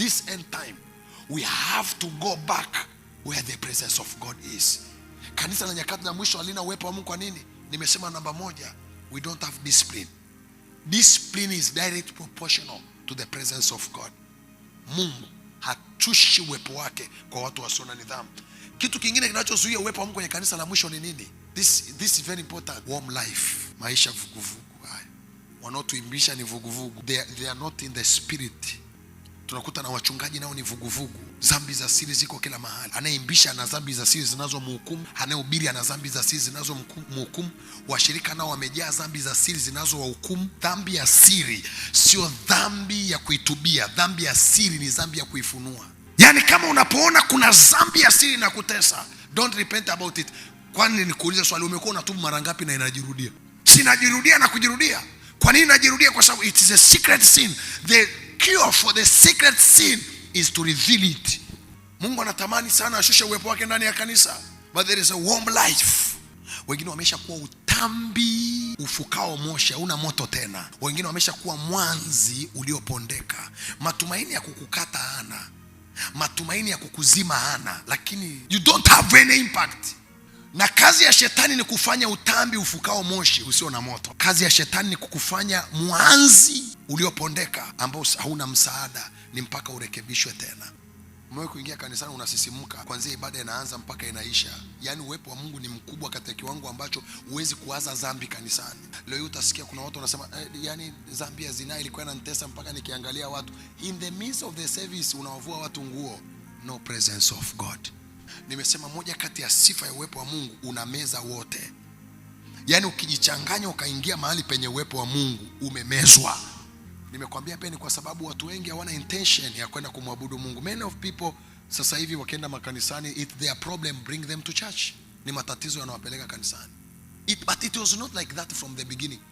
this end time, we have to go back where the presence of God is. Kanisa la nyakati za mwisho halina uwepo wa Mungu. Kwa nini? Nimesema namba moja, we don't have discipline. Discipline is direct proportional to the presence of God. Mungu hatushi uwepo wake kwa watu wasio na nidhamu. Kitu kingine kinachozuia uwepo wa Mungu kwenye kanisa la mwisho ni nini? This, this is very important. Warm life, maisha vuguvugu. Haya wanaotuimbisha ni vuguvugu, they, they are not in the spirit Tunakuta na wachungaji nao ni vuguvugu. zambi za siri ziko kila mahali. Anayeimbisha ana zambi za siri zinazomhukumu, anayehubiri ana zambi za siri zinazomhukumu, washirika nao wamejaa zambi za siri zinazowahukumu. Dhambi ya siri sio dhambi ya kuitubia, dhambi ya siri ni zambi ya kuifunua. Yaani, kama unapoona kuna zambi ya siri na kutesa, don't repent about it. Kwani nikuulize swali, umekuwa unatubu mara ngapi na inajirudia? Sinajirudia na kujirudia. Kwa nini najirudia? Kwa sababu it is a secret sin. The cure for the secret sin is to reveal it. Mungu anatamani sana ashushe uwepo wake ndani ya kanisa, but there is a warm life. Wengine kuwa utambi ufukao moshi, hauna moto tena. Wengine wamesha kuwa mwanzi uliopondeka, matumaini ya kukukata hana, matumaini ya kukuzima hana, lakini you don't have any impact na kazi ya shetani ni kufanya utambi ufukao moshi usio na moto. Kazi ya shetani ni kukufanya mwanzi uliopondeka ambao hauna msaada, ni mpaka urekebishwe tena. Umewe kuingia kanisani unasisimka, kwanzia ibada inaanza mpaka inaisha. Yaani uwepo wa Mungu ni mkubwa katika kiwango ambacho huwezi kuwaza dhambi kanisani. Leo hii utasikia kuna watu wanasema eh, yani dhambi ya zinaa ilikuwa inanitesa mpaka nikiangalia watu. In the midst of the service unawavua watu nguo. No presence of God. Nimesema moja kati ya sifa ya uwepo wa Mungu, unameza wote. Yaani ukijichanganya ukaingia mahali penye uwepo wa Mungu umemezwa. Nimekwambia pia ni kwa sababu watu wengi hawana intention ya kwenda kumwabudu Mungu. Many of people sasa hivi wakienda makanisani, it their problem bring them to church, ni matatizo yanawapeleka kanisani. It, but it was not like that from the beginning.